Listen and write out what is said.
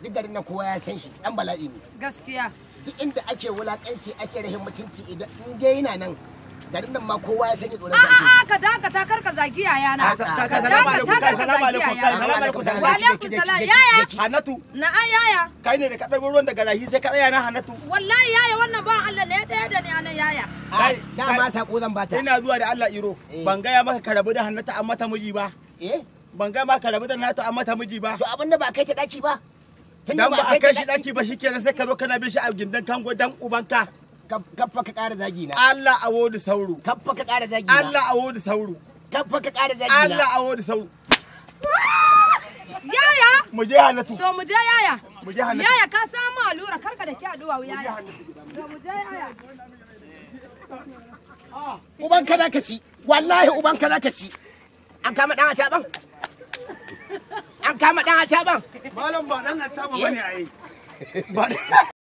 duk garin na kowa ya san shi dan bala'i ne gaskiya duk inda ake wulakanci ake rahin mutunci idan in ga yana nan garin nan ma kowa ya sanya tsoron sa A'a ka dakata kar ka zagi yayana. Ka dakata kar ka zagi yayana. Salamu alaikum Wa alaikum salamu yaya. Hanatu. Na'a yaya. Kai ne da ka ɗago ruwan daga rahi sai ka tsaya na Hanatu. Wallahi yaya wannan ba Allah ne ya tsaya da ni anan yaya. Kai dama sako zan bata. Ina zuwa da Allah iro. Eh. Ban gaya maka karabu da hanatu amma mata miji ba. Eh. Ban gaya maka karabu da hanatu amma mata miji ba. To abin da ba kai ta daki ba. dan ba a kai shi daki ba shikenan sai ka zo kana bin shi a gindan kango dan ubanka kaffa ka ƙara zagi na Allah a wodi sauro kaffa ka ƙara zagi na Allah a wodi sauro kaffa ka ƙara zagi na Allah a wodi sauro yaya mu je halatu to mu je yaya mu je halatu yaya ka samu allura karka da ke aduwa yaya to mu je yaya ah, uban ka zaka ci wallahi uban ka zaka ci an kama dan a ban an kama dan acaban malam ba dan ba bane ai